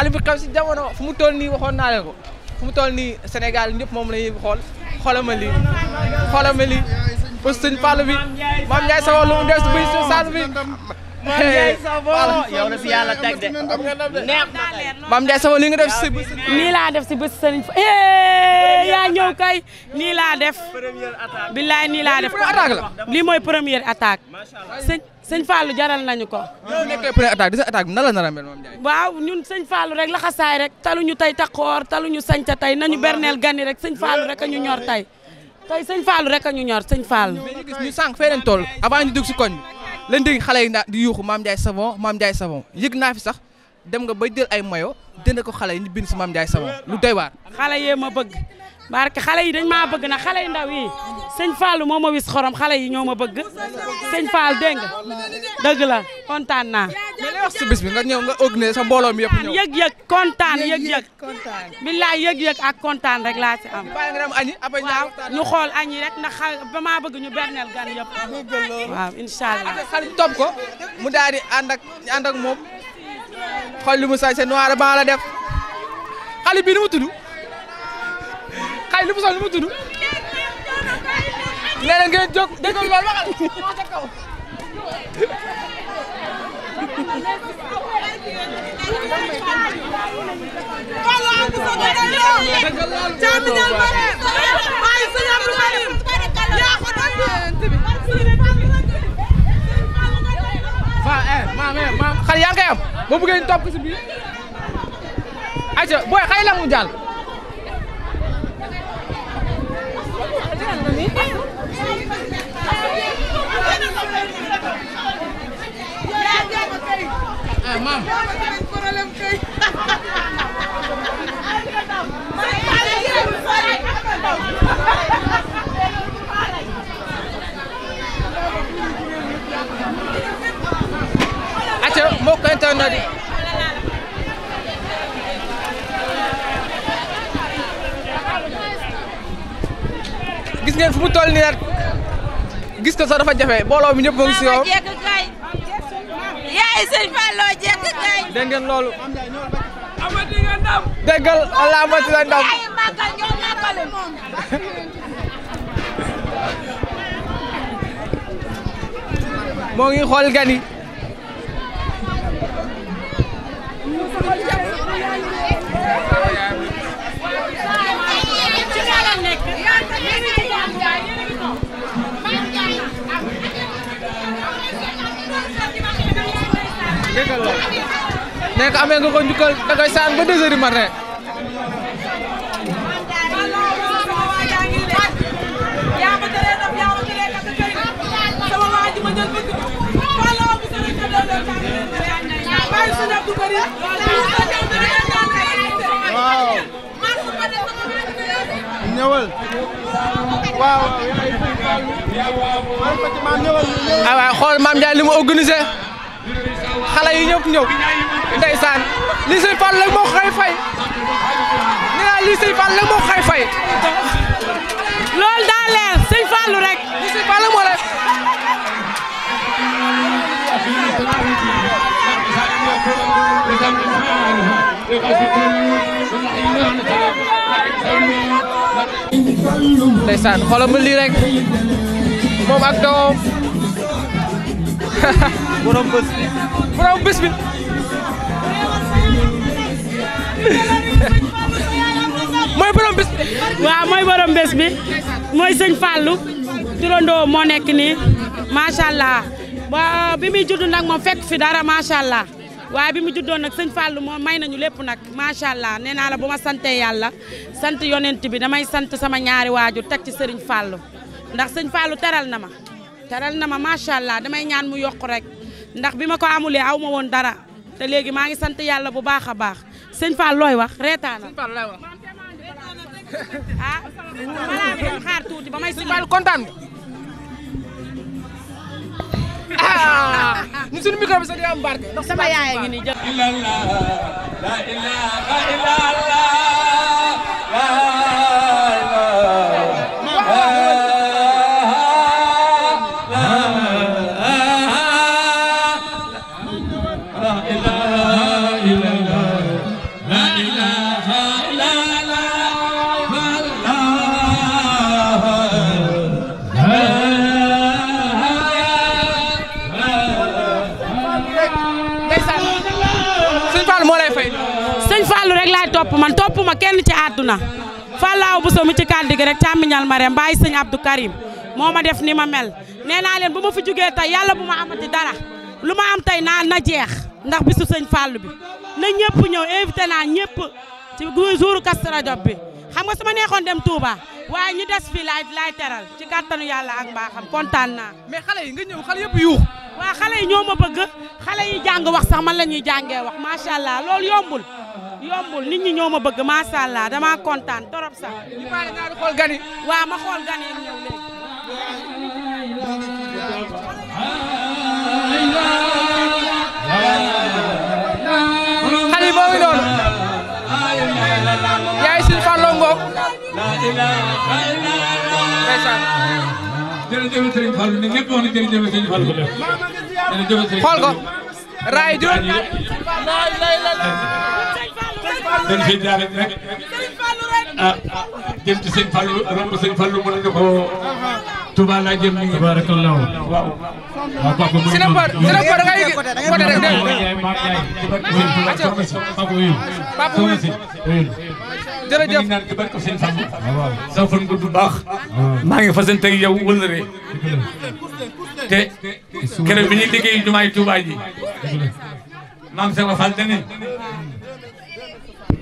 xale bi xew si jamono fu mu tol ni waxoon naa ko fu mu toll ni Sénégal ñëpp moom la ñuy xool xoolal ma lii xoolal ma lii sëñ Fallou bi maam Ndiaye sa wàllu des bi sa sànn bi. Mame Ndiaye Savon yow fi yàlla teg de neex na Mame Ndiaye li nga def si bés. nii laa def si bés sëriñ fa eh, yaa ñëw kay nii laa def billaay nii laa def lii mooy première attaque sëñ sëñ Fallou jaral nañu ko. ñoo nekkee di attaque deuxième attaque nan la nar a mel Mame Ndiaye. waaw ñun sëñ Fallou rek laxasaay rek taluñu tey taxoor taluñu sañca tey nañu berneel gani rek sëñ Fallou rek a ñu ñor tey tey sëñ Fallou rek a ñu ñor sëñ Fallou. ñu sànq fee leen toll avant koñ bi lañ dégg xale yi di yuuxu maam Ndiaye savon maam Ndiaye savon yëg naa fi sax dem nga ba jël ay mayo dënd ko xale yi ñu bind si maam Ndiaye savon lu doy waar. xale yee ma bëgg barke xale yi dañ maa bëgg na xale yu ndaw yi sëñ Fallou moo ma wis xorom xale yi ñoo ma bëgg sëñ Fall dégg nga dëgg la kontaan naa. mais si bis bi nga ñëw nga organiser sa mbooloo mi yëpp ñëw. yëg-yëg kontaan yëg-yëg. billaay yëg-yëg ak kontaan rek laa ci am. waaw ñu xool añ rek ndax xale ba maa bëgg ñu berneel gan yëpp. Ah, waaw incha allah. xarit topp ko mu daal di ànd ak ànd ak moom xool li mu sañ sa noir ba la def xale bi ni mu tudd. waaye lu mu sol lu mu loolu waxal eh, moo eh, yaa ngi koy am boo bëggee ñu topp si biir ayca booy ah maam. acca mbokk internet yi ngeen fu mu toll ni nak gis ko sa dafa jafe mbooloo mi ñëpp ngi ci yow. yaay sëñ Fallou jekk gay dégg ngeen lolu amati nga ndam. déggal ala amati la ndam. mo ngi xol gani nekk amee nga ko njukkal da saan ba deux heures du matin waaw ñëwal ah, xool maam Ndiaye li mu organisé xale yi ñëpp ñëw ndeysaan lii sëñ Fall léegi moo ko fay nee naa lii sëñ Fall léegi moo ko fay. loolu daa leer sëñ Fallu rek. lii sëñ Fall ndeysaan rek ak borom bés bi borom bés bi. moy borom bés bi. waaw mooy borom bés sëñ Fallou turandoo moo nekk ni macha allah bi muy judd nag moo fekk fi dara macha waa bi mu juddoon nag sëñ Fallou moom may nañu lépp nag macha allah nee naa la bu ma santee yàlla sant yonent bi damay sant sama ñaari waaju teg ci sëriñ Fallou ndax sëñ Fallou teral na ma teral na ma macha allah damay ñaan mu yokk rek. ndax bi ma ko amulee aw ma woon dara te léegi maa ngi sant yàlla bu baax a baax sëñ Fall looy wax reetaana ah balaa bi xaar tuuti ba may sëñ Fall kontaan ah, ñu suñu micro bi di am barke sama yaay a ngi nii ma kenn ci àdduna fàllaaw bu somu ci kàddu rek càmmiñal ma rem bàyyi Abdou Karim moma def ni ma mel neena len buma fi jógee tay yalla buma amati dara luma am tay na na jeex ndax bisu seigne Fallou bi na ñepp ñew invité na ñepp ci jouru Kazu Rajab bi xam nga su neexon dem Touba waaye ñi dess fi lay lay teral ci kattanu yalla ak mbaaxam contane na mais xalé yi nga ñew xale yëpp yu waa xalé yi ñoma bëgg xalé yi jang wax sax man lañuy jangé wax ma sha allah lool yombul yombul nit ñi ma bëgg macha allah damaa kontaan torop sax. ñu bàyyi naa xool gan yi. ma xool gan yi yaay suñu fàlloo ngoog. ndeysaan. jërëjëf Serigne Fallou ne ñëpp dañ fi jaar rek ah jëm ci sëñ Fallou romb sëñ Fallou mën nañu ko Touba laa jëm nii. tabarakallah waaw. Ah, ah, waaw papa mu ngi doon waaw baax. Ah. maa ngi fasante ak yow wëllëre te keroog bi ñuy liggéey jumaay Touba ji maam Seck Fall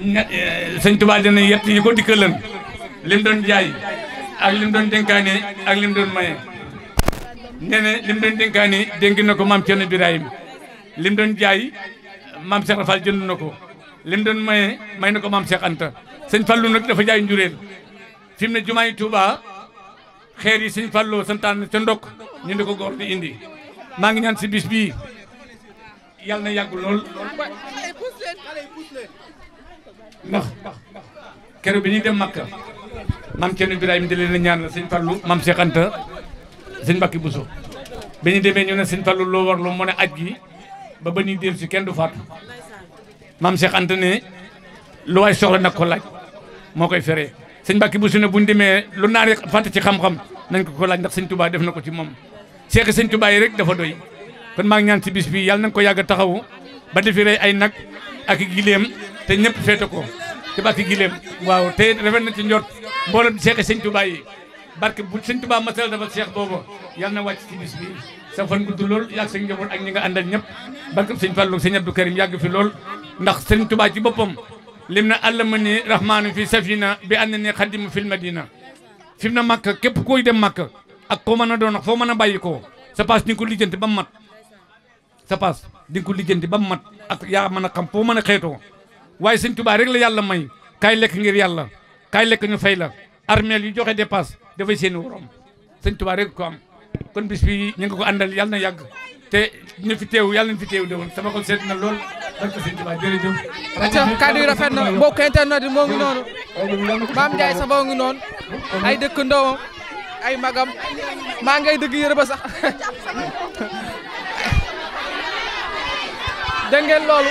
Eh, sëñ Tuubaa dina yett yi ko dikk dikkalan lim doon jaay ak lim doon dénkaane ak lim doon maye nee na lim doon dénkaane dénk na ko maam Cerno Birahim lim doon jaay maam Cheikh Rafal jënd ko lim doon maye may na ko maam Cheikh Anta sëñ Fallu nag dafa jaay njureel fi mu ne jumaay Tuubaa xeer yi sëñ Fallu santaan ca ndokk ñu di ko góor di indi maa ngi ñaan si bis bii yàlla na yàgg lool ndax keroog bi ñuy dem Makka maam Thierno Ibrahima di leen a ñaan la sëñ Fallou maam Cheikh Anta sëñ Mbacke bu bi ñu demee ñu ne sëñ Fallou loo war lu mu ne aj gi ba ba ñuy dellu si kenn du faatu mam Cheikh Anta ne lu waay soxla nag ko laaj moo koy feree sëñ bu Bousso ne buñ demee lu naar yi fàtte ci xam-xam nañ ko ko laaj ndax sëñ Touba def na ko ci moom Cheikh sëñ Touba yi rek dafa doy kon maa ñaan si bis bi yàlla nañ ko yàgg a taxawu ba defi ay nag ak te ñëpp féete ko ci barke Gileem waaw te rafet na ci njort mboolem Cheikh Sëñ Touba yi barke bu Sëñ Touba masal dafa Cheikh boobu yal na wàcc ci bis bi sa fan gudd lool yàgg sa njaboot ak ñi nga àndal ñëpp barke Sëñ Fallou Sëñ Abdou Karim yàgg fi lool ndax Sëñ Touba ci boppam lim na àllama ni rahmaanu fi safina bi ànd ni xadimu fil madina fi mu na màkk képp koy dem màkk ak koo mën a doon ak foo mën a bàyyi koo sa paas di nga ko ba mu mat sa paas di nga lijjanti ba mu mat ak yaa mën a xam foo mën a xeetoo waaye sëñ tubaa rek la yàlla may kaay lekk ngir yàlla kaay lekk ñu fay la armeel yu joxe dépasse dafay seeni worom sëñ tubaa rek ko am kon bi ñu ngi ko àndal yàlla na yàgg te ñu fi teew yàlla na fi teew déwoon sama xol seet na lool barke sëñ tubaa jërëjëf aca kàddu yi rafet na mbokk internet yi moo ngi noonu maam Ndiaye sa boo ngi noonu ay dëkk ndoomam ay magam maa ngay dëgg yërë ba sax dégg loolu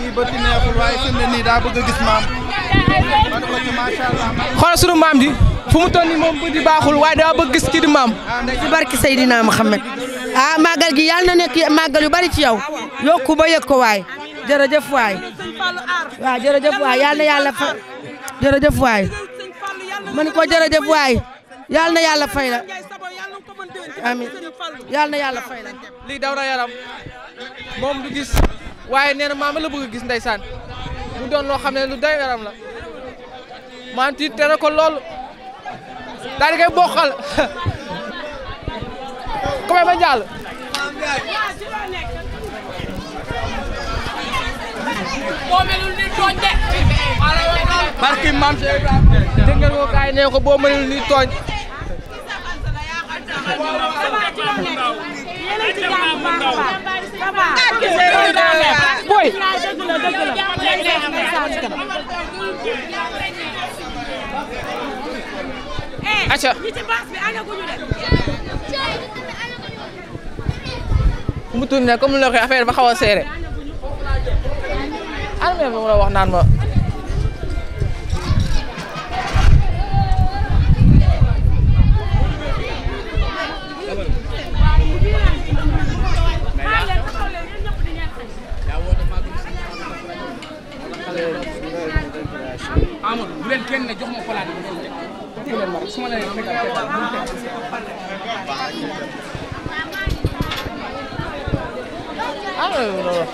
kii ba ci neexul waaye fi ma ne sunu maam ji fu mu toll moom bu di baaxul waaye daa bëgg gis kii di maam. ci barki Seydina Mohamed. ah màggal gi yàlla na nekk màggal yu bari ci yow yokku ba yëg ko waay jërëjëf waay waay yàlla na yàlla fa jërëjëf waay man ko jërëjëf waay yàlla na yàlla fay la amiin yàlla na yàlla fay la waaye nee na la bëgg a gis ndeysaan mu doon loo xam ne lu doy yaram la maam tiit te na ko lool daal di koy bokkal ni tooñ de. ko kaay nee ko boy acca mu tuuti nag comme ni ma la waxee affaire ba xaw a seere armée bi mu la wax naan ma 这个这个